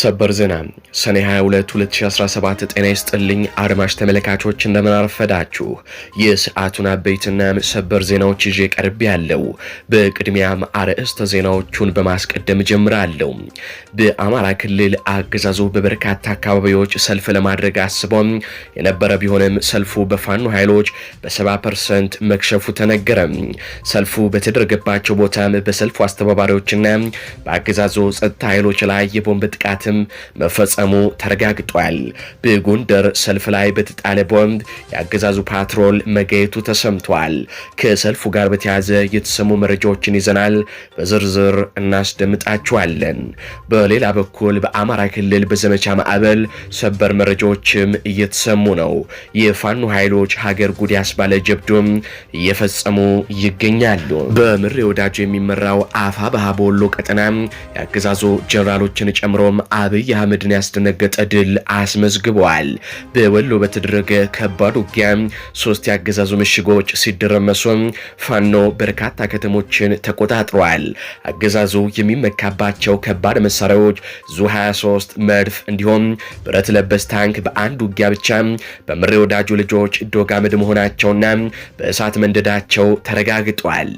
ሰበር ዜና ሰኔ 22 2017። ጤና ይስጥልኝ አድማጭ ተመልካቾች፣ እንደምናረፈዳችሁ የሰዓቱን አበይትና ሰበር ዜናዎች ይዤ ቀርብ ያለው። በቅድሚያም አርዕስተ ዜናዎቹን በማስቀደም ጀምራለሁ። በአማራ ክልል አገዛዙ በበርካታ አካባቢዎች ሰልፍ ለማድረግ አስቦም የነበረ ቢሆንም ሰልፉ በፋኖ ኃይሎች በ70 ፐርሰንት መክሸፉ ተነገረ። ሰልፉ በተደረገባቸው ቦታም በሰልፉ አስተባባሪዎችና በአገዛዙ ጸጥታ ኃይሎች ላይ የቦምብ ጥቃት ጥቃትም መፈጸሙ ተረጋግጧል። በጎንደር ሰልፍ ላይ በተጣለ ቦምብ የአገዛዙ ፓትሮል መገየቱ ተሰምቷል። ከሰልፉ ጋር በተያያዘ የተሰሙ መረጃዎችን ይዘናል፣ በዝርዝር እናስደምጣችኋለን። በሌላ በኩል በአማራ ክልል በዘመቻ ማዕበል ሰበር መረጃዎችም እየተሰሙ ነው። የፋኖ ኃይሎች ሀገር ጉድ ያስባለ ጀብዱም እየፈጸሙ ይገኛሉ። በምሬ ወዳጁ የሚመራው አፋ ባህቦሎ ቀጠና የአገዛዙ ጀኔራሎችን ጨምሮም አብይ አህመድን ያስደነገጠ ድል አስመዝግበዋል። በወሎ በተደረገ ከባድ ውጊያ ሶስት የአገዛዙ ምሽጎች ሲደረመሱ ፋኖ በርካታ ከተሞችን ተቆጣጥሯል። አገዛዙ የሚመካባቸው ከባድ መሳሪያዎች ዙ 23 መድፍ፣ እንዲሁም ብረት ለበስ ታንክ በአንድ ውጊያ ብቻ በምሬ ወዳጁ ልጆች ዶጋምድ መሆናቸውና በእሳት መንደዳቸው ተረጋግጧል።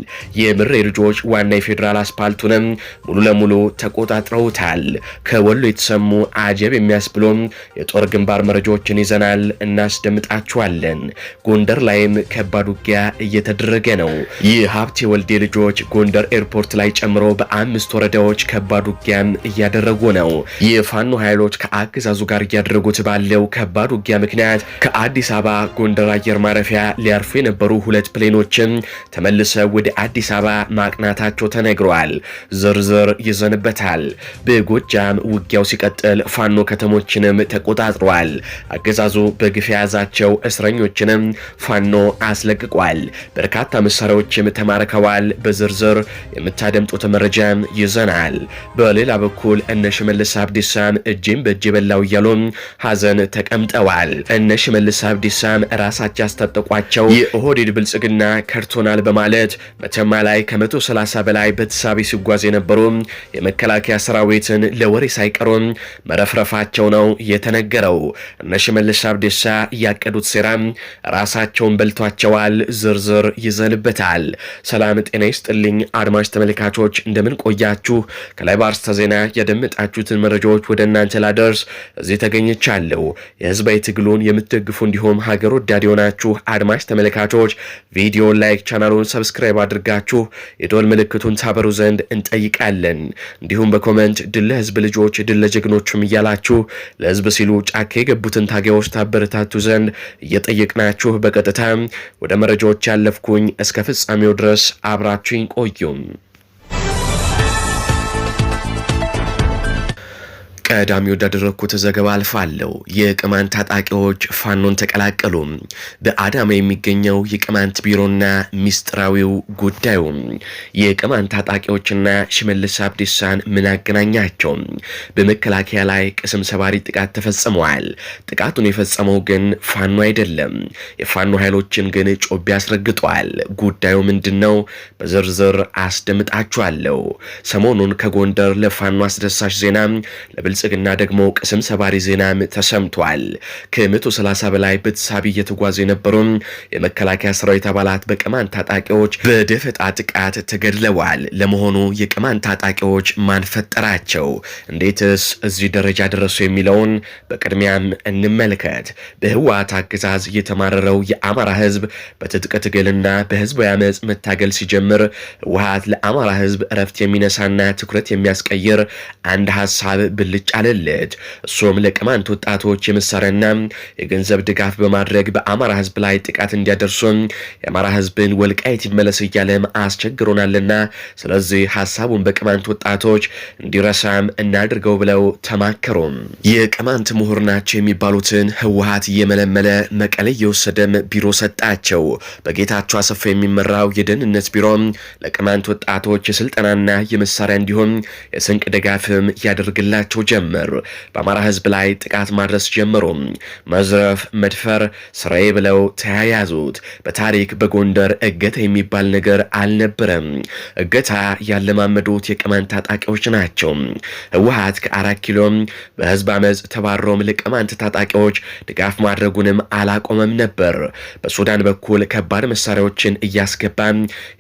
የምሬ ልጆች ዋና የፌዴራል አስፓልቱንም ሙሉ ለሙሉ ተቆጣጥረውታል። ከወሎ የተሰሙ አጀብ የሚያስብሎም የጦር ግንባር መረጃዎችን ይዘናል፣ እናስደምጣችኋለን። ጎንደር ላይም ከባድ ውጊያ እየተደረገ ነው። ይህ ሀብት የወልዴ ልጆች ጎንደር ኤርፖርት ላይ ጨምሮ በአምስት ወረዳዎች ከባድ ውጊያም እያደረጉ ነው። የፋኖ ኃይሎች ከአገዛዙ ጋር እያደረጉት ባለው ከባድ ውጊያ ምክንያት ከአዲስ አበባ ጎንደር አየር ማረፊያ ሊያርፉ የነበሩ ሁለት ፕሌኖችም ተመልሰው ወደ አዲስ አበባ ማቅናታቸው ተነግረዋል። ዝርዝር ይዘንበታል። በጎጃም ውጊያ ውጊያው ሲቀጥል ፋኖ ከተሞችንም ተቆጣጥሯል። አገዛዙ በግፍ የያዛቸው እስረኞችንም ፋኖ አስለቅቋል። በርካታ መሳሪያዎችም ተማርከዋል። በዝርዝር የምታደምጡት መረጃም ይዘናል። በሌላ በኩል እነ ሽመልስ አብዲሳም እጅም በእጅ በላው እያሉም ሀዘን ተቀምጠዋል። እነ ሽመልስ አብዲሳም ራሳቸው ያስታጠቋቸው የኦህዴድ ብልጽግና ከርቶናል በማለት መተማ ላይ ከ130 በላይ በተሳቢ ሲጓዝ የነበሩ የመከላከያ ሰራዊትን ለወሬ ሳይቀሩ ጀምሮም መረፍረፋቸው ነው የተነገረው። እነ ሽመልስ አብዲሳ ያቀዱት ሴራም ራሳቸውን በልቷቸዋል። ዝርዝር ይዘንበታል። ሰላም ጤና ይስጥልኝ አድማጭ ተመልካቾች፣ እንደምን ቆያችሁ? ከላይ በአርስተ ዜና ያደመጣችሁትን መረጃዎች ወደ እናንተ ላደርስ እዚህ ተገኝቻለሁ። የህዝባዊ ትግሉን የምትደግፉ እንዲሁም ሀገር ወዳድ የሆናችሁ አድማጭ ተመልካቾች ቪዲዮ ላይክ፣ ቻናሉን ሰብስክራይብ አድርጋችሁ የዶል ምልክቱን ታበሩ ዘንድ እንጠይቃለን። እንዲሁም በኮመንት ድለ ህዝብ ልጆች ድለ ለጀግኖቹም እያላችሁ ለህዝብ ሲሉ ጫካ የገቡትን ታጋዮች ታበረታቱ ዘንድ እየጠየቅናችሁ በቀጥታ ወደ መረጃዎች ያለፍኩኝ እስከ ፍጻሜው ድረስ አብራችሁኝ ቆዩም። ቀዳሚ ወዳደረግኩት ዘገባ አልፋለሁ። የቅማንት ታጣቂዎች ፋኖን ተቀላቀሉ። በአዳማ የሚገኘው የቅማንት ቢሮና ሚስጥራዊው ጉዳዩ የቅማንት ታጣቂዎችና ሽመልስ አብዲሳን ምን አገናኛቸው? በመከላከያ ላይ ቅስም ሰባሪ ጥቃት ተፈጽመዋል። ጥቃቱን የፈጸመው ግን ፋኖ አይደለም። የፋኖ ኃይሎችን ግን ጮቤ አስረግጧል። ጉዳዩ ምንድን ነው? በዝርዝር አስደምጣችኋለሁ። ሰሞኑን ከጎንደር ለፋኖ አስደሳች ዜና ከብልጽግና ደግሞ ቅስም ሰባሪ ዜናም ተሰምቷል። ከ130 በላይ በተሳቢ እየተጓዙ የነበሩ የመከላከያ ሰራዊት አባላት በቅማንት ታጣቂዎች በደፈጣ ጥቃት ተገድለዋል። ለመሆኑ የቅማንት ታጣቂዎች ማን ፈጠራቸው? እንዴትስ እዚህ ደረጃ ደረሱ? የሚለውን በቅድሚያም እንመልከት። በህወሓት አገዛዝ የተማረረው የአማራ ህዝብ በትጥቅ ትግልና በህዝብ አመፅ መታገል ሲጀምር ህወሓት ለአማራ ህዝብ እረፍት የሚነሳና ትኩረት የሚያስቀይር አንድ ሀሳብ ብልጭ ጫነለት። እሱም ለቅማንት ወጣቶች የመሳሪያና የገንዘብ ድጋፍ በማድረግ በአማራ ህዝብ ላይ ጥቃት እንዲያደርሱ የአማራ ህዝብን ወልቃይት ይመለስ እያለም አስቸግሮናልና ስለዚህ ሀሳቡን በቅማንት ወጣቶች እንዲረሳም እናድርገው ብለው ተማከሩ። የቅማንት ምሁር ናቸው የሚባሉትን ህወሀት እየመለመለ መቀለ የወሰደም ቢሮ ሰጣቸው። በጌታቸው አሰፋ የሚመራው የደህንነት ቢሮ ለቅማንት ወጣቶች የስልጠናና የመሳሪያ እንዲሁም የስንቅ ድጋፍም ያደርግላቸው ጀመር። ጀመር። በአማራ ህዝብ ላይ ጥቃት ማድረስ ጀመሩ። መዝረፍ፣ መድፈር ስራዬ ብለው ተያያዙት። በታሪክ በጎንደር እገታ የሚባል ነገር አልነበረም። እገታ ያለማመዱት የቅማንት ታጣቂዎች ናቸው። ህወሀት ከአራት ኪሎም በህዝብ አመፅ ተባሮም ለቅማንት ታጣቂዎች ድጋፍ ማድረጉንም አላቆመም ነበር። በሱዳን በኩል ከባድ መሳሪያዎችን እያስገባ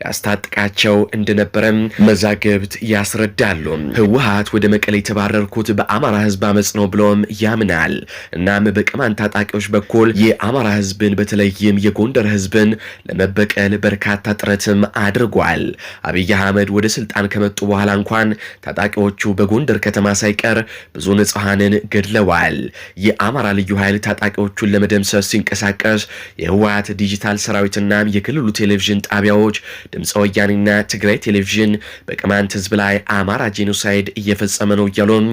ያስታጥቃቸው እንደነበረም መዛግብት ያስረዳሉ። ህወሀት ወደ መቀሌ የተባረርኩት በአማራ ህዝብ አመፅ ነው ብሎም ያምናል። እናም በቅማን ታጣቂዎች በኩል የአማራ ህዝብን በተለይም የጎንደር ህዝብን ለመበቀል በርካታ ጥረትም አድርጓል። አብይ አህመድ ወደ ስልጣን ከመጡ በኋላ እንኳን ታጣቂዎቹ በጎንደር ከተማ ሳይቀር ብዙ ንጹሐንን ገድለዋል። የአማራ ልዩ ኃይል ታጣቂዎቹን ለመደምሰስ ሲንቀሳቀስ የህወሓት ዲጂታል ሰራዊትና የክልሉ ቴሌቪዥን ጣቢያዎች ድምፀ ወያኔና ትግራይ ቴሌቪዥን በቅማንት ህዝብ ላይ አማራ ጄኖሳይድ እየፈጸመ ነው እያሉም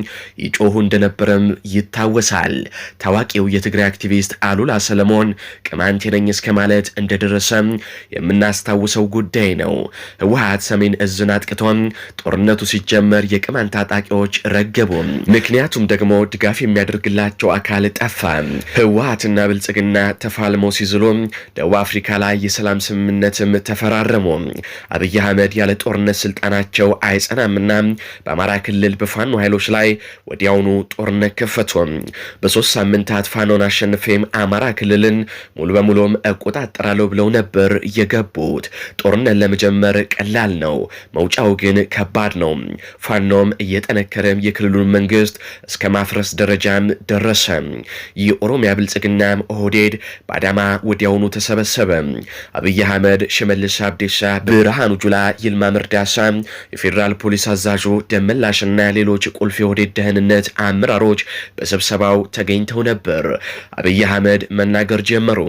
ይጮሁ እንደነበረም ይታወሳል። ታዋቂው የትግራይ አክቲቪስት አሉላ ሰለሞን ቅማንቴ ነኝ እስከ ማለት እንደደረሰም የምናስታውሰው ጉዳይ ነው። ህወሀት ሰሜን እዝን አጥቅቶም ጦርነቱ ሲጀመር የቅማንት ታጣቂዎች ረገቡ። ምክንያቱም ደግሞ ድጋፍ የሚያደርግላቸው አካል ጠፋ። ህወሀትና ብልጽግና ተፋልሞ ሲዝሉ ደቡብ አፍሪካ ላይ የሰላም ስምምነትም ተፈራረሙ። አብይ አህመድ ያለ ጦርነት ስልጣናቸው አይጸናምና በአማራ ክልል በፋኖ ኃይሎች ላይ ወዲያውኑ ጦርነት ከፈቱ። በሶስት ሳምንታት ፋኖን አሸንፌም አማራ ክልልን ሙሉ በሙሉም እቆጣጠራለሁ ብለው ነበር የገቡት። ጦርነት ለመጀመር ቀላል ነው፣ መውጫው ግን ከባድ ነው። ፋኖም እየጠነከረም የክልሉን መንግስት እስከ ማፍረስ ደረጃም ደረሰ። የኦሮሚያ ብልጽግና ኦህዴድ በአዳማ ወዲያውኑ ተሰበሰበ። አብይ አህመድ፣ ሽመልስ አብዴሳ፣ ብርሃኑ ጁላ፣ ይልማ መርዳሳ፣ የፌዴራል ፖሊስ አዛዡ ደመላሽና ሌሎች ቁልፍ የኦህዴድ ደህን ደህንነት አመራሮች በስብሰባው ተገኝተው ነበር። አብይ አህመድ መናገር ጀመሩ።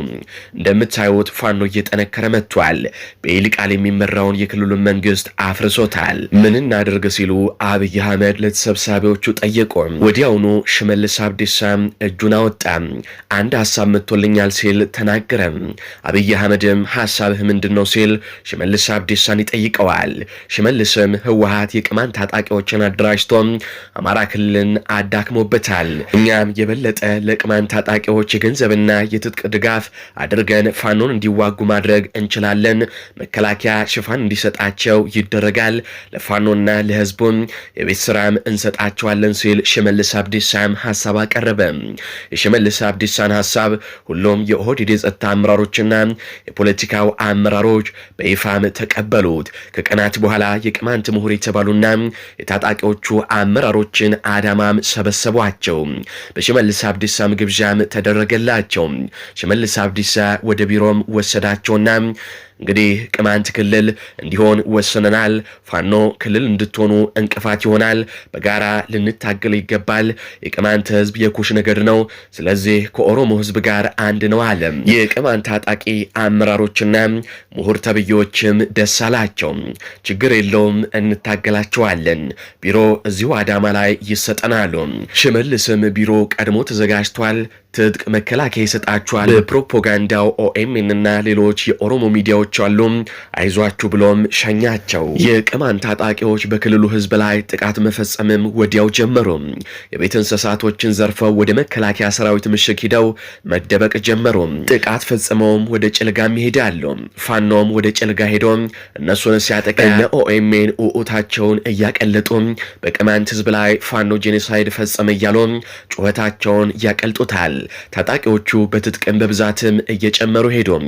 እንደምታዩት ፋኖ እየጠነከረ መጥቷል። በይልቃል የሚመራውን የክልሉን መንግስት አፍርሶታል። ምን እናድርግ ሲሉ አብይ አህመድ ለተሰብሳቢዎቹ ጠየቁ። ወዲያውኑ ሽመልስ አብዲሳ እጁን አወጣ። አንድ ሀሳብ መጥቶልኛል ሲል ተናገረ። አብይ አህመድም ሀሳብህ ምንድን ነው ሲል ሽመልስ አብዲሳን ይጠይቀዋል። ሽመልስም ህወሀት የቅማንት ታጣቂዎችን አደራጅቶ አማራ ክልል ኃይልን አዳክሞበታል። እኛም የበለጠ ለቅማን ታጣቂዎች የገንዘብና የትጥቅ ድጋፍ አድርገን ፋኖን እንዲዋጉ ማድረግ እንችላለን። መከላከያ ሽፋን እንዲሰጣቸው ይደረጋል። ለፋኖና ለህዝቡም የቤት ስራም እንሰጣቸዋለን ሲል ሽመልስ አብዲሳም ሀሳብ አቀረበ። የሽመልስ አብዲሳን ሀሳብ ሁሉም የኦህዴድ የጸጥታ አመራሮችና የፖለቲካው አመራሮች በይፋም ተቀበሉት። ከቀናት በኋላ የቅማንት ምሁር የተባሉና የታጣቂዎቹ አመራሮችን አዳ አዳማም ሰበሰቧቸው። በሽመልስ አብዲሳም ግብዣም ተደረገላቸው። ሽመልስ አብዲሳ ወደ ቢሮም ወሰዳቸውና እንግዲህ ቅማንት ክልል እንዲሆን ወስነናል። ፋኖ ክልል እንድትሆኑ እንቅፋት ይሆናል። በጋራ ልንታገል ይገባል። የቅማንት ህዝብ የኩሽ ነገድ ነው። ስለዚህ ከኦሮሞ ህዝብ ጋር አንድ ነው አለ። የቅማንት ታጣቂ አመራሮችና ምሁር ተብዬዎችም ደስ አላቸው። ችግር የለውም እንታገላቸዋለን። ቢሮ እዚሁ አዳማ ላይ ይሰጠናሉ። ሽመልስም ቢሮ ቀድሞ ተዘጋጅቷል። ትጥቅ መከላከያ ይሰጣችኋል። በፕሮፓጋንዳው ኦኤምኤን እና ሌሎች የኦሮሞ ሚዲያዎች አሉ። አይዟችሁ ብሎም ሸኛቸው። የቅማን ታጣቂዎች በክልሉ ህዝብ ላይ ጥቃት መፈጸምም ወዲያው ጀመሩ። የቤት እንስሳቶችን ዘርፈው ወደ መከላከያ ሰራዊት ምሽግ ሂደው መደበቅ ጀመሩ። ጥቃት ፈጽመውም ወደ ጭልጋም ይሄዳሉ። ፋኖም ወደ ጭልጋ ሄዶ እነሱን ሲያጠቃ እነ ኦኤምኤን ውዑታቸውን እያቀለጡ በቅማንት ህዝብ ላይ ፋኖ ጄኔሳይድ ፈጸመ እያሉ ጩኸታቸውን ያቀልጡታል። ታጣቂዎቹ በትጥቅም በብዛትም እየጨመሩ ሄዱም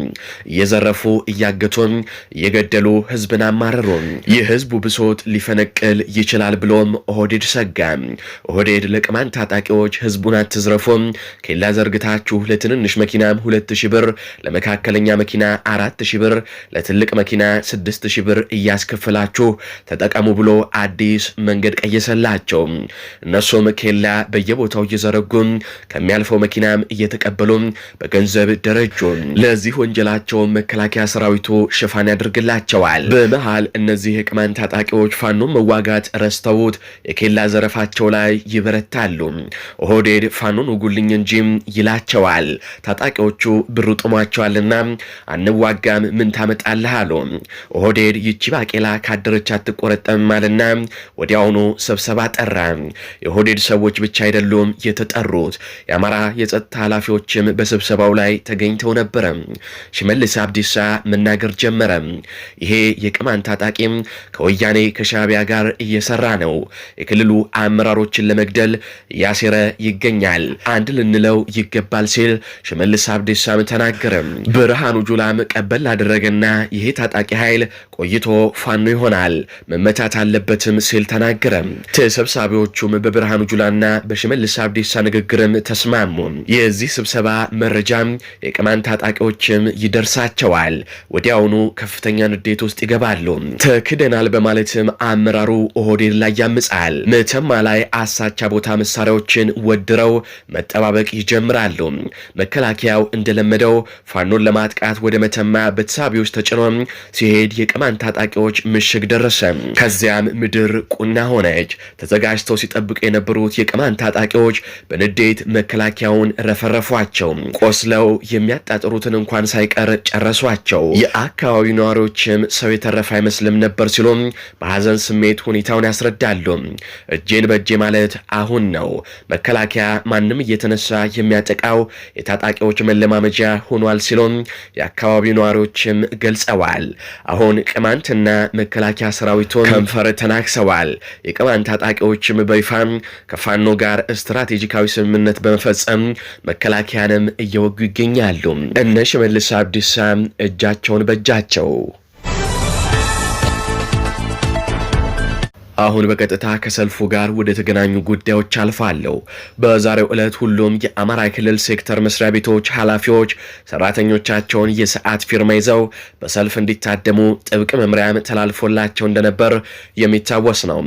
እየዘረፉ እያገቱም እየገደሉ ህዝብን አማረሩ። የህዝቡ ብሶት ሊፈነቅል ይችላል ብሎም ኦህዴድ ሰጋ። ኦህዴድ ለቅማንት ታጣቂዎች ህዝቡን አትዝረፉም፣ ኬላ ዘርግታችሁ ለትንንሽ መኪናም ሁለት ሺ ብር፣ ለመካከለኛ መኪና አራት ሺ ብር፣ ለትልቅ መኪና ስድስት ሺ ብር እያስከፍላችሁ ተጠቀሙ ብሎ አዲስ መንገድ ቀየሰላቸው። እነሱም ኬላ በየቦታው እየዘረጉም ከሚያልፈው መኪና መኪና እየተቀበሉ በገንዘብ ደረጁ ለዚህ ወንጀላቸው መከላከያ ሰራዊቱ ሽፋን ያደርግላቸዋል። በመሃል እነዚህ የቅማን ታጣቂዎች ፋኖን መዋጋት ረስተውት የኬላ ዘረፋቸው ላይ ይበረታሉ። ኦህዴድ ፋኖን ውጉልኝ እንጂም ይላቸዋል። ታጣቂዎቹ ብሩ ጥሟቸዋልና አንዋጋም ምን ታመጣለህ አሉ። ኦህዴድ ይቺ ባቄላ ካደረች አትቆረጠም አለና ወዲያውኑ ስብሰባ ጠራ። የኦህዴድ ሰዎች ብቻ አይደሉም የተጠሩት የአማራ የጸጥታ ኃላፊዎችም በስብሰባው ላይ ተገኝተው ነበረ። ሽመልስ አብዲሳ መናገር ጀመረ። ይሄ የቅማን ታጣቂም ከወያኔ ከሻቢያ ጋር እየሰራ ነው። የክልሉ አመራሮችን ለመግደል እያሴረ ይገኛል። አንድ ልንለው ይገባል ሲል ሽመልስ አብዲሳም ተናገረ። ብርሃኑ ጁላም ቀበል አደረገና ይሄ ታጣቂ ኃይል ቆይቶ ፋኖ ይሆናል፣ መመታት አለበትም ሲል ተናገረ። ተሰብሳቢዎቹም በብርሃኑ ጁላና በሽመልስ አብዲሳ ንግግርም ተስማሙ። የዚህ ስብሰባ መረጃም የቅማን ታጣቂዎችም ይደርሳቸዋል። ወዲያውኑ ከፍተኛ ንዴት ውስጥ ይገባሉ። ተክደናል በማለትም አመራሩ ኦህዴድ ላይ ያምጻል። መተማ ላይ አሳቻ ቦታ መሳሪያዎችን ወድረው መጠባበቅ ይጀምራሉ። መከላከያው እንደለመደው ፋኖን ለማጥቃት ወደ መተማ በተሳቢዎች ተጭኖ ሲሄድ የቅማን ታጣቂዎች ምሽግ ደረሰ። ከዚያም ምድር ቁና ሆነች። ተዘጋጅተው ሲጠብቁ የነበሩት የቅማን ታጣቂዎች በንዴት መከላከያውን ሰውን ረፈረፏቸው። ቆስለው የሚያጣጥሩትን እንኳን ሳይቀር ጨረሷቸው። የአካባቢው ነዋሪዎችም ሰው የተረፈ አይመስልም ነበር ሲሉም በሀዘን ስሜት ሁኔታውን ያስረዳሉ። እጄን በእጄ ማለት አሁን ነው። መከላከያ ማንም እየተነሳ የሚያጠቃው የታጣቂዎች መለማመጃ ሆኗል ሲሉም የአካባቢው ነዋሪዎችም ገልጸዋል። አሁን ቅማንትና መከላከያ ሰራዊቱን ከንፈር ተናክሰዋል። የቅማንት ታጣቂዎችም በይፋ ከፋኖ ጋር ስትራቴጂካዊ ስምምነት በመፈጸም መከላከያንም እየወጉ ይገኛሉ። እነ ሽመልስ አብዲሳ እጃቸውን በእጃቸው አሁን በቀጥታ ከሰልፉ ጋር ወደ ተገናኙ ጉዳዮች አልፋለሁ። በዛሬው ዕለት ሁሉም የአማራ ክልል ሴክተር መስሪያ ቤቶች ኃላፊዎች ሰራተኞቻቸውን የሰዓት ፊርማ ይዘው በሰልፍ እንዲታደሙ ጥብቅ መምሪያም ተላልፎላቸው እንደነበር የሚታወስ ነው።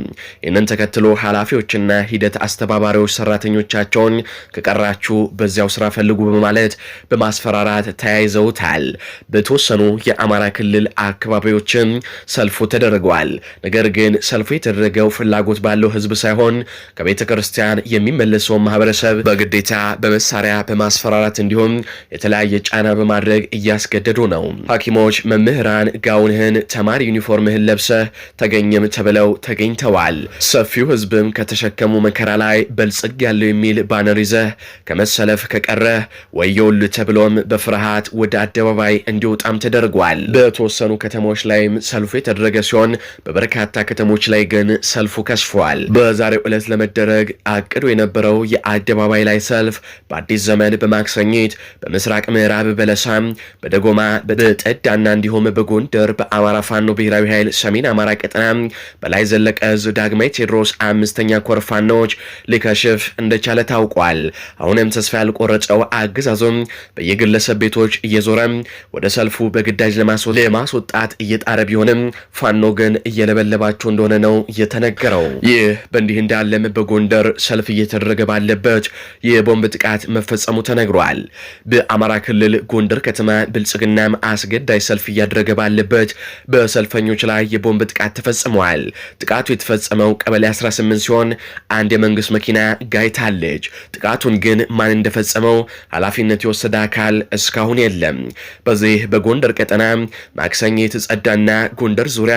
ይህንን ተከትሎ ኃላፊዎችና ሂደት አስተባባሪዎች ሰራተኞቻቸውን ከቀራችሁ በዚያው ስራ ፈልጉ በማለት በማስፈራራት ተያይዘውታል። በተወሰኑ የአማራ ክልል አካባቢዎችም ሰልፉ ተደርጓል። ነገር ግን ሰልፉ የሚደረገው ፍላጎት ባለው ህዝብ ሳይሆን ከቤተ ክርስቲያን የሚመለሰውን ማህበረሰብ በግዴታ በመሳሪያ በማስፈራራት እንዲሁም የተለያየ ጫና በማድረግ እያስገደዱ ነው። ሐኪሞች፣ መምህራን ጋውንህን፣ ተማሪ ዩኒፎርምህን ለብሰህ ተገኘም ተብለው ተገኝተዋል። ሰፊው ህዝብም ከተሸከሙ መከራ ላይ በልጽግ ያለው የሚል ባነር ይዘህ ከመሰለፍ ከቀረህ ወየውል ተብሎም በፍርሃት ወደ አደባባይ እንዲወጣም ተደርጓል። በተወሰኑ ከተሞች ላይም ሰልፉ የተደረገ ሲሆን በበርካታ ከተሞች ላይ ግን ሰልፉ ከሽፏል። በዛሬው ዕለት ለመደረግ አቅዶ የነበረው የአደባባይ ላይ ሰልፍ በአዲስ ዘመን በማክሰኝት በምስራቅ ምዕራብ በለሳም፣ በደጎማ፣ በጠዳና እንዲሁም በጎንደር በአማራ ፋኖ ብሔራዊ ኃይል ሰሜን አማራ ቀጠና በላይ ዘለቀ ዕዝ ዳግማዊ ቴዎድሮስ አምስተኛ ኮር ፋኖች ሊከሽፍ እንደቻለ ታውቋል። አሁንም ተስፋ ያልቆረጠው አገዛዞም በየግለሰብ ቤቶች እየዞረ ወደ ሰልፉ በግዳጅ ለማስወጣት እየጣረ ቢሆንም ፋኖ ግን እየለበለባቸው እንደሆነ ነው የተነገረው። ይህ በእንዲህ እንዳለም በጎንደር ሰልፍ እየተደረገ ባለበት የቦምብ ጥቃት መፈጸሙ ተነግሯል። በአማራ ክልል ጎንደር ከተማ ብልጽግናም አስገዳይ ሰልፍ እያደረገ ባለበት በሰልፈኞች ላይ የቦምብ ጥቃት ተፈጽመዋል። ጥቃቱ የተፈጸመው ቀበሌ 18 ሲሆን አንድ የመንግስት መኪና ጋይታለች። ጥቃቱን ግን ማን እንደፈጸመው ኃላፊነት የወሰደ አካል እስካሁን የለም። በዚህ በጎንደር ቀጠና ማክሰኞ የተጸዳና ጎንደር ዙሪያ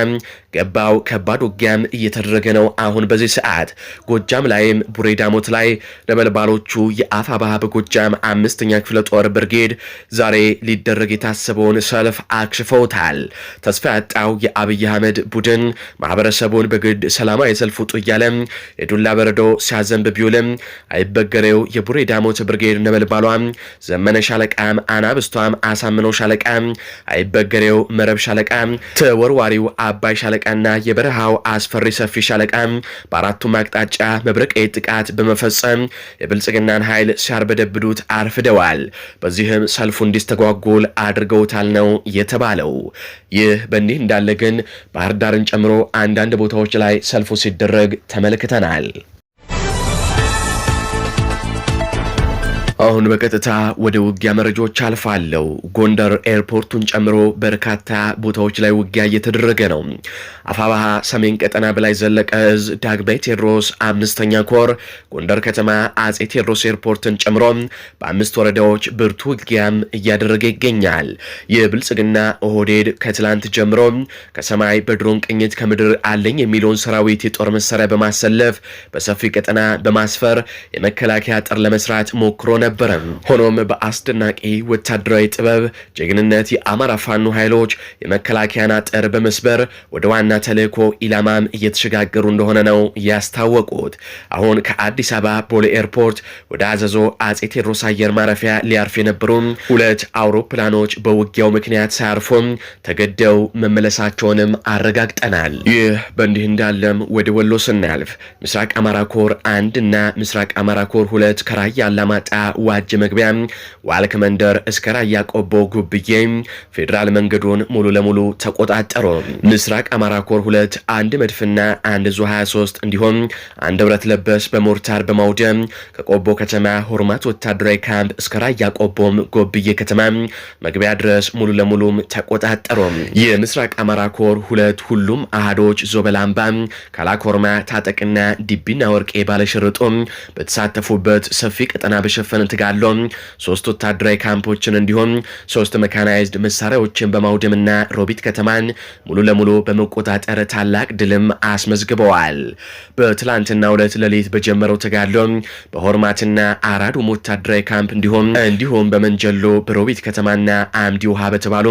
ገባው ከባድ ውጊያም እየተደረገ ነው። አሁን በዚህ ሰዓት ጎጃም ላይም ቡሬ ዳሞት ላይ ነበልባሎቹ የአፋባሃ በጎጃም አምስተኛ ክፍለ ጦር ብርጌድ ዛሬ ሊደረግ የታሰበውን ሰልፍ አክሽፈውታል። ተስፋ ያጣው የአብይ አህመድ ቡድን ማህበረሰቡን በግድ ሰላማዊ ሰልፍ ውጡ እያለም የዱላ በረዶ ሲያዘንብ ቢውልም አይበገሬው የቡሬ ዳሞት ብርጌድ ነበልባሏም ዘመነ ሻለቃም፣ አናብስቷም አሳምነው ሻለቃም፣ አይበገሬው መረብ ሻለቃም፣ ተወርዋሪው አባይ ሻለቃና የበረሃው አስፈሪ ሰፊ ሻለቃ በአራቱም አቅጣጫ መብረቃዊ ጥቃት በመፈጸም የብልጽግናን ኃይል ሲያርበደብዱት አርፍደዋል። በዚህም ሰልፉ እንዲስተጓጎል አድርገውታል ነው የተባለው። ይህ በእንዲህ እንዳለ ግን ባህር ዳርን ጨምሮ አንዳንድ ቦታዎች ላይ ሰልፉ ሲደረግ ተመልክተናል። አሁን በቀጥታ ወደ ውጊያ መረጃዎች አልፋለሁ። ጎንደር ኤርፖርቱን ጨምሮ በርካታ ቦታዎች ላይ ውጊያ እየተደረገ ነው። አፋባሃ ሰሜን ቀጠና በላይ ዘለቀ እዝ ዳግባይ ቴዎድሮስ አምስተኛ ኮር ጎንደር ከተማ አጼ ቴዎድሮስ ኤርፖርትን ጨምሮ በአምስት ወረዳዎች ብርቱ ውጊያም እያደረገ ይገኛል። የብልጽግና ኦህዴድ ከትላንት ጀምሮ ከሰማይ በድሮን ቅኝት ከምድር አለኝ የሚለውን ሰራዊት የጦር መሳሪያ በማሰለፍ በሰፊ ቀጠና በማስፈር የመከላከያ አጥር ለመስራት ሞክሮ ነበር ነበረም። ሆኖም በአስደናቂ ወታደራዊ ጥበብ ጀግንነት የአማራ ፋኖ ኃይሎች የመከላከያን አጥር በመስበር ወደ ዋና ተልእኮ ኢላማም እየተሸጋገሩ እንደሆነ ነው ያስታወቁት። አሁን ከአዲስ አበባ ቦሌ ኤርፖርት ወደ አዘዞ አጼ ቴዎድሮስ አየር ማረፊያ ሊያርፍ የነበሩም ሁለት አውሮፕላኖች በውጊያው ምክንያት ሳያርፉም ተገደው መመለሳቸውንም አረጋግጠናል። ይህ በእንዲህ እንዳለም ወደ ወሎ ስናልፍ ምስራቅ አማራ ኮር አንድ እና ምስራቅ አማራ ኮር ሁለት ከራያ አላማጣ ዋጅ መግቢያ ዋልክ መንደር እስከ ራያ ቆቦ ጉብዬ ፌዴራል መንገዱን ሙሉ ለሙሉ ተቆጣጠሩ። ምስራቅ አማራ ኮር ሁለት አንድ መድፍና አንድ ዙ 23 እንዲሁም አንድ ብረት ለበስ በሞርታር በማውደም ከቆቦ ከተማ ሆርማት ወታደራዊ ካምፕ እስከ ራያ ቆቦም ጎብዬ ከተማ መግቢያ ድረስ ሙሉ ለሙሉ ተቆጣጠሩ። የምስራቅ አማራ ኮር ሁለት ሁሉም አህዶች ዞበላምባ፣ ካላኮርማ፣ ታጠቅና ዲቢና ወርቄ ባለሽርጡ በተሳተፉበት ሰፊ ቀጠና በሸፈነ በመቀጠል ሶስት ወታደራዊ ካምፖችን እንዲሁም ሶስት መካናይዝድ መሳሪያዎችን በማውደምና ሮቢት ከተማን ሙሉ ለሙሉ በመቆጣጠር ታላቅ ድልም አስመዝግበዋል። በትላንትና ሁለት ሌሊት በጀመረው ተጋድሎ በሆርማትና አራዱም ወታደራዊ ካምፕ እንዲሁም እንዲሁም በመንጀሎ በሮቢት ከተማና አምዲ ውሃ በተባሉ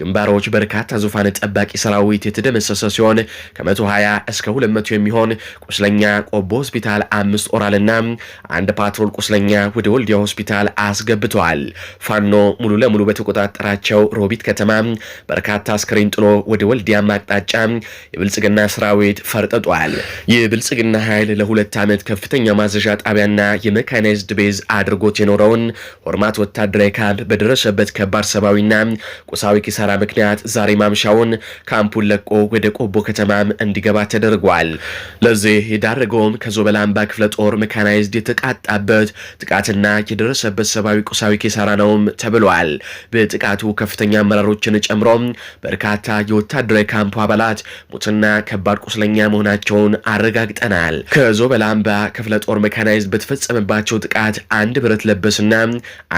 ግንባሮች በርካታ ዙፋን ጠባቂ ሰራዊት የተደመሰሰ ሲሆን ከ120 እስከ 200 የሚሆን ቁስለኛ ቆቦ ሆስፒታል አምስት ኦራልና አንድ ፓትሮል ቁስለኛ ወደ ወልዲያ ሆስፒታል አስገብተዋል። ፋኖ ሙሉ ለሙሉ በተቆጣጠራቸው ሮቢት ከተማ በርካታ አስክሬን ጥሎ ወደ ወልዲያም አቅጣጫ የብልጽግና ሰራዊት ፈርጠጧል። የብልጽግና ኃይል ለሁለት ዓመት ከፍተኛ ማዘዣ ጣቢያና የሜካናይዝድ ቤዝ አድርጎት የኖረውን ሆርማት ወታደራዊ ካምፕ በደረሰበት ከባድ ሰብአዊና ቁሳዊ ኪሳራ ምክንያት ዛሬ ማምሻውን ካምፑን ለቆ ወደ ቆቦ ከተማም እንዲገባ ተደርጓል። ለዚህ የዳረገውም ከዞበላምባ ክፍለ ጦር ሜካናይዝድ የተቃጣበት ጥቃትና አምላክ የደረሰበት ሰብአዊ ቁሳዊ ኪሳራ ነውም ተብሏል። በጥቃቱ ከፍተኛ አመራሮችን ጨምሮ በርካታ የወታደራዊ ካምፕ አባላት ሙትና ከባድ ቁስለኛ መሆናቸውን አረጋግጠናል። ከዞበል አምባ ክፍለ ጦር መካናይዝ በተፈጸመባቸው ጥቃት አንድ ብረት ለበስና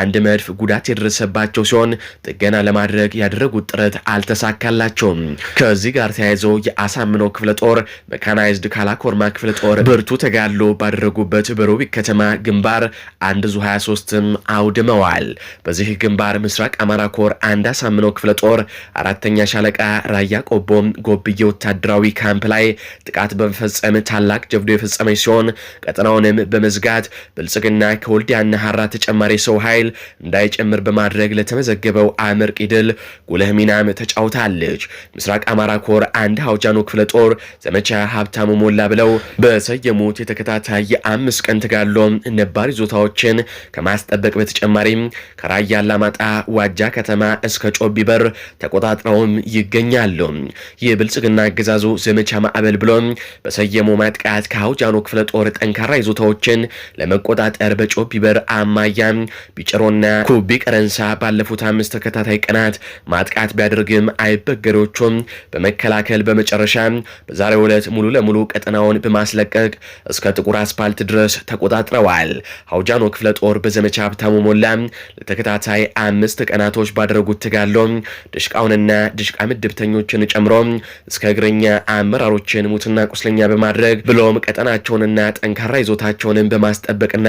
አንድ መድፍ ጉዳት የደረሰባቸው ሲሆን ጥገና ለማድረግ ያደረጉት ጥረት አልተሳካላቸውም። ከዚህ ጋር ተያይዞ የአሳምነው ክፍለ ጦር መካናይዝድ ካላኮርማ ክፍለ ጦር ብርቱ ተጋድሎ ባደረጉበት በሮቢክ ከተማ ግንባር አንድ ዙ 23ም አውድመዋል። በዚህ ግንባር ምስራቅ አማራ ኮር አንድ አሳምነው ክፍለ ጦር አራተኛ ሻለቃ ራያ ቆቦ ጎብዬ ወታደራዊ ካምፕ ላይ ጥቃት በመፈጸም ታላቅ ጀብዶ የፈጸመች ሲሆን ቀጠናውንም በመዝጋት ብልጽግና ከወልዲያና ሀራ ተጨማሪ ሰው ኃይል እንዳይጨምር በማድረግ ለተመዘገበው አመርቂ ድል ጉልህ ሚናም ተጫውታለች። ምስራቅ አማራ ኮር አንድ ሀውጃኖ ክፍለ ጦር ዘመቻ ሀብታሙ ሞላ ብለው በሰየሙት የተከታታይ የአምስት ቀን ተጋድሎም ነባር ይዞታዎችን ከማስጠበቅ በተጨማሪም ከራያ አላማጣ ዋጃ ከተማ እስከ ጮቢ በር ተቆጣጥረውም ይገኛሉ። ይህ ብልጽግና አገዛዙ ዘመቻ ማዕበል ብሎ በሰየመው ማጥቃት ከአውጃኖ ክፍለ ጦር ጠንካራ ይዞታዎችን ለመቆጣጠር በጮቢ በር አማያ፣ ቢጭሮና ኩቢ ቀረንሳ ባለፉት አምስት ተከታታይ ቀናት ማጥቃት ቢያደርግም አይበገሬዎቹም በመከላከል በመጨረሻ በዛሬው ዕለት ሙሉ ለሙሉ ቀጠናውን በማስለቀቅ እስከ ጥቁር አስፓልት ድረስ ተቆጣጥረዋል። አውጃኖ ክፍለ ጦር በዘመቻ ሀብታሙ ሞላ ለተከታታይ አምስት ቀናቶች ባደረጉት ትጋሎ ድሽቃውንና ድሽቃ ምድብተኞችን ጨምሮ እስከ እግረኛ አመራሮችን ሙትና ቁስለኛ በማድረግ ብሎም ቀጠናቸውንና ጠንካራ ይዞታቸውንም በማስጠበቅና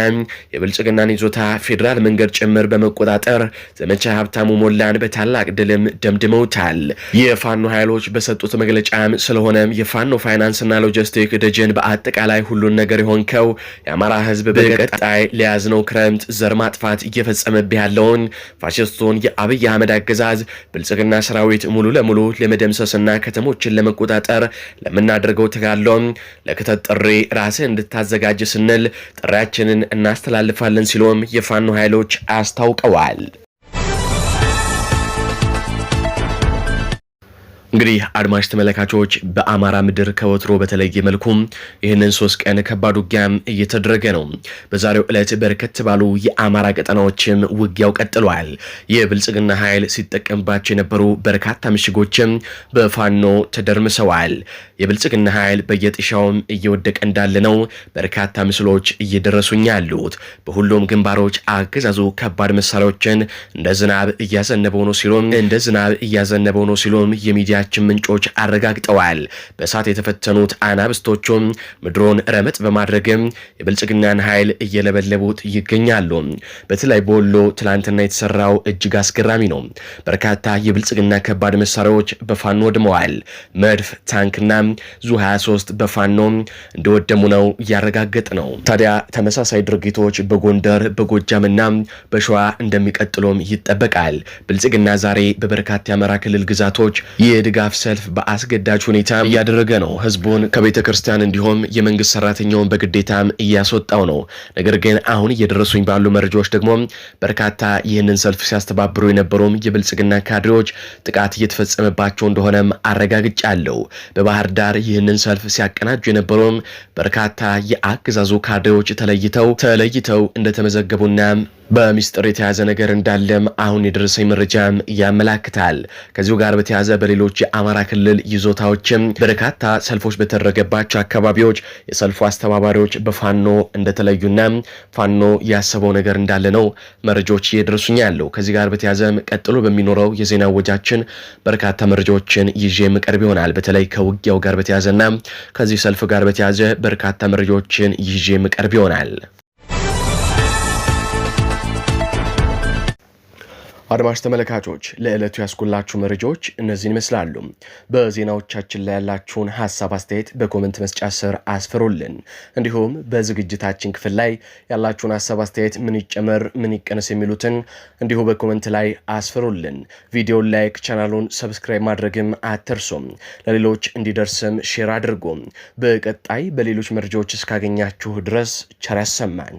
የብልጽግናን ይዞታ ፌዴራል መንገድ ጭምር በመቆጣጠር ዘመቻ ሀብታሙ ሞላን በታላቅ ድልም ደምድመውታል። የፋኖ ኃይሎች በሰጡት መግለጫ ስለሆነ የፋኖ ፋይናንስና ሎጂስቲክ ደጀን በአጠቃላይ ሁሉን ነገር የሆንከው የአማራ ህዝብ በቀጣይ ለያዝነው ክረምት ሳምንት ዘር ማጥፋት እየፈጸመብህ ያለውን ፋሽስቱን የአብይ አህመድ አገዛዝ ብልጽግና ሰራዊት ሙሉ ለሙሉ ለመደምሰስና ከተሞችን ለመቆጣጠር ለምናደርገው ተጋድሎ ለክተት ጥሪ ራስህ እንድታዘጋጅ ስንል ጥሪያችንን እናስተላልፋለን ሲሉም የፋኖ ኃይሎች አስታውቀዋል። እንግዲህ አድማጭ ተመለካቾች በአማራ ምድር ከወትሮ በተለየ መልኩ ይህንን ሶስት ቀን ከባድ ውጊያም እየተደረገ ነው። በዛሬው ዕለት በርከት ባሉ የአማራ ቀጠናዎችም ውጊያው ቀጥሏል። የብልጽግና ኃይል ሲጠቀምባቸው የነበሩ በርካታ ምሽጎችም በፋኖ ተደርምሰዋል። የብልጽግና ኃይል በየጥሻውም እየወደቀ እንዳለ ነው በርካታ ምስሎች እየደረሱኝ ያሉት። በሁሉም ግንባሮች አገዛዙ ከባድ መሳሪያዎችን እንደ ዝናብ እያዘነበው ነው ሲሉም እንደ ዝናብ እያዘነበው ነው ሲሉም የሚዲያ የክልላችን ምንጮች አረጋግጠዋል። በእሳት የተፈተኑት አናብስቶቹም ምድሮን ረመጥ በማድረግም የብልጽግናን ኃይል እየለበለቡት ይገኛሉ። በተለይ በወሎ ትላንትና የተሰራው እጅግ አስገራሚ ነው። በርካታ የብልጽግና ከባድ መሳሪያዎች በፋኖ ወድመዋል። መድፍ፣ ታንክና ዙ 23 በፋኖ እንደወደሙ ነው እያረጋገጥ ነው። ታዲያ ተመሳሳይ ድርጊቶች በጎንደር በጎጃምና በሸዋ እንደሚቀጥሉም ይጠበቃል። ብልጽግና ዛሬ በበርካታ የአማራ ክልል ግዛቶች የድጋፍ ሰልፍ በአስገዳጅ ሁኔታ እያደረገ ነው። ህዝቡን ከቤተ ክርስቲያን እንዲሁም የመንግስት ሰራተኛውን በግዴታም እያስወጣው ነው። ነገር ግን አሁን እየደረሱኝ ባሉ መረጃዎች ደግሞ በርካታ ይህንን ሰልፍ ሲያስተባብሩ የነበሩም የብልጽግና ካድሬዎች ጥቃት እየተፈጸመባቸው እንደሆነም አረጋግጫለሁ። በባህር ዳር ይህንን ሰልፍ ሲያቀናጁ የነበሩም በርካታ የአገዛዙ ካድሬዎች ተለይተው ተለይተው እንደተመዘገቡና በሚስጥር የተያዘ ነገር እንዳለም አሁን የደረሰኝ መረጃም ያመላክታል። ከዚሁ ጋር በተያዘ በሌሎች የአማራ ክልል ይዞታዎችም በርካታ ሰልፎች በተደረገባቸው አካባቢዎች የሰልፉ አስተባባሪዎች በፋኖ እንደተለዩና ፋኖ ያሰበው ነገር እንዳለ ነው መረጃዎች እየደረሱኛል። ከዚህ ጋር በተያዘም ቀጥሎ በሚኖረው የዜና ወጃችን በርካታ መረጃዎችን ይዤ የምቀርብ ይሆናል። በተለይ ከውጊያው ጋር በተያዘና ከዚህ ሰልፍ ጋር በተያዘ በርካታ መረጃዎችን ይዤ የምቀርብ ይሆናል። አድማሽ ተመልካቾች ለዕለቱ ያስኩላችሁ መረጃዎች እነዚህን ይመስላሉ። በዜናዎቻችን ላይ ያላችሁን ሀሳብ አስተያየት በኮመንት መስጫ ስር አስፍሩልን። እንዲሁም በዝግጅታችን ክፍል ላይ ያላችሁን ሀሳብ አስተያየት፣ ምን ይጨመር፣ ምን ይቀነስ የሚሉትን እንዲሁ በኮመንት ላይ አስፍሩልን። ቪዲዮን ላይክ፣ ቻናሉን ሰብስክራይብ ማድረግም አትርሱም። ለሌሎች እንዲደርስም ሼር አድርጉ። በቀጣይ በሌሎች መረጃዎች እስካገኛችሁ ድረስ ቸር ያሰማን።